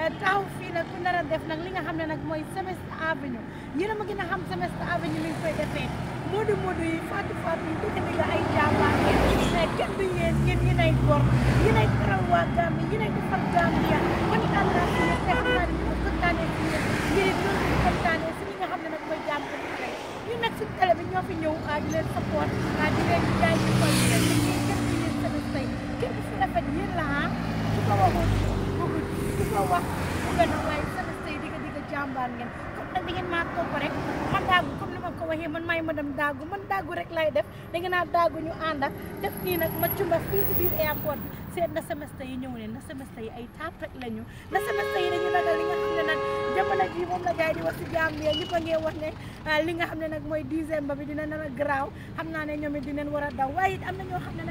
taxaw fii nag ku def nag li nga xam ne nag mooy Semester Avenue yéen a ma gën a xam Semester Avenue ni ñu koy defee moodu li nga xam ne nag mooy jàmm ñu nekk si télé bi ñoo fi ñëw ah, di leen support ah, di leen jaay ci xol di leen liggéey kenn du yéen tamit tey kenn du fi rafet yéen la ah su ko wax mu gën a waaye sama sëy digga digga ngeen comme nag da maa topp rek ma daagu comme ni ma ko waxee man maay ma dem daagu man daagu rek lay def da naa daagu ñu ànd ak def nii nag ma cumba fii si biir airport bi seet na semestre yi ñëw leen na semestre yi ay tapat lañu na semestre yi dañu ragal li nga xam ne nag jamono ji moom la gars yi di wax si Gambia ñi ko ngee wax ne li nga xam ne nag mooy dixième ba bi dina nar a garaaw xam naa ne ñoom it dinañ war a daw waaye it na